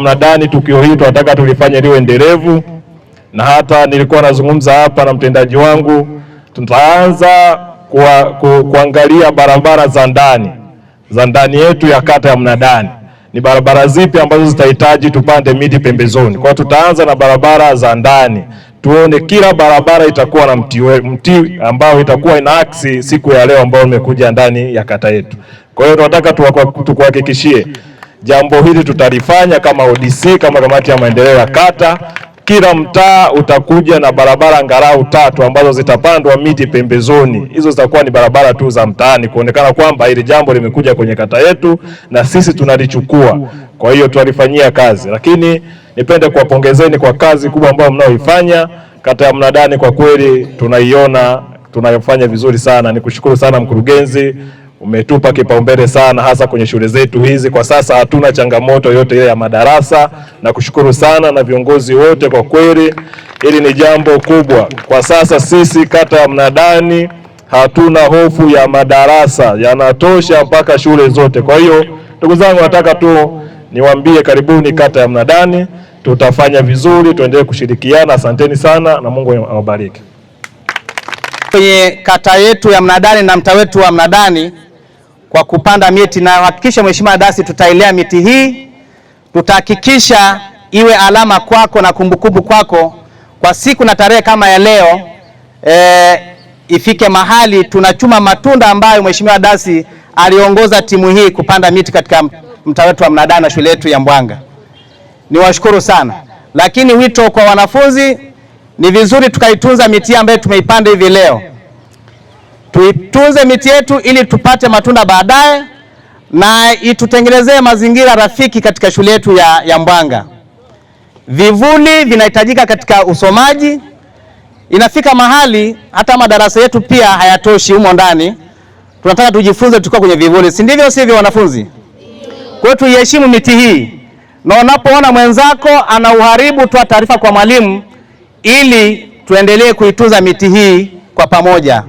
Mnadani tukio hili tunataka tulifanye liwe endelevu, na hata nilikuwa nazungumza hapa na mtendaji wangu, tutaanza kwa, ku, kuangalia barabara za ndani za ndani yetu ya kata ya Mnadani, ni barabara zipi ambazo zitahitaji tupande miti pembezoni. Kwa tutaanza na barabara za ndani, tuone kila barabara itakuwa na mti, mti ambao itakuwa ina aksi siku ya leo ambayo imekuja ndani ya kata yetu. Kwa hiyo tunataka tukuhakikishie Jambo hili tutalifanya kama ODC, kama kamati ya maendeleo ya kata. Kila mtaa utakuja na barabara angalau tatu ambazo zitapandwa miti pembezoni. Hizo zitakuwa ni barabara tu za mtaani, kuonekana kwamba hili jambo limekuja kwenye kata yetu na sisi tunalichukua. Kwa hiyo tunalifanyia kazi, lakini nipende kuwapongezeni kwa kazi kubwa ambayo mnaoifanya. Kata ya Mnadani kwa kweli tunaiona tunayofanya vizuri sana. Nikushukuru sana mkurugenzi umetupa kipaumbele sana, hasa kwenye shule zetu hizi. Kwa sasa hatuna changamoto yote ile ya madarasa, na kushukuru sana na viongozi wote, kwa kweli hili ni jambo kubwa. Kwa sasa sisi kata ya Mnadani hatuna hofu ya madarasa, yanatosha mpaka shule zote. Kwa hiyo ndugu zangu, nataka tu niwaambie karibuni kata ya Mnadani, tutafanya vizuri, tuendelee kushirikiana. Asanteni sana na Mungu awabariki. Kwenye kata yetu ya Mnadani na mtaa wetu wa Mnadani kwa kupanda miti na hakikisha, Mheshimiwa Dasi, tutailea miti hii, tutahakikisha iwe alama kwako na kumbukumbu kwako kwa siku na tarehe kama ya leo e, ifike mahali tunachuma matunda ambayo Mheshimiwa Dasi aliongoza timu hii kupanda miti katika mtaa wetu wa Mnadani na shule yetu ya Mbwanga. Niwashukuru sana, lakini wito kwa wanafunzi, ni vizuri tukaitunza miti ambayo tumeipanda hivi leo tuitunze miti yetu ili tupate matunda baadaye na itutengenezee mazingira rafiki katika shule yetu ya, ya Mbwanga. Vivuli vinahitajika katika usomaji. Inafika mahali hata madarasa yetu pia hayatoshi humo ndani, tunataka tujifunze tukiwa kwenye vivuli, si ndivyo? Sivyo wanafunzi? Kwa hiyo tuiheshimu miti hii, na unapoona mwenzako ana uharibu, toa taarifa kwa mwalimu ili tuendelee kuitunza miti hii kwa pamoja.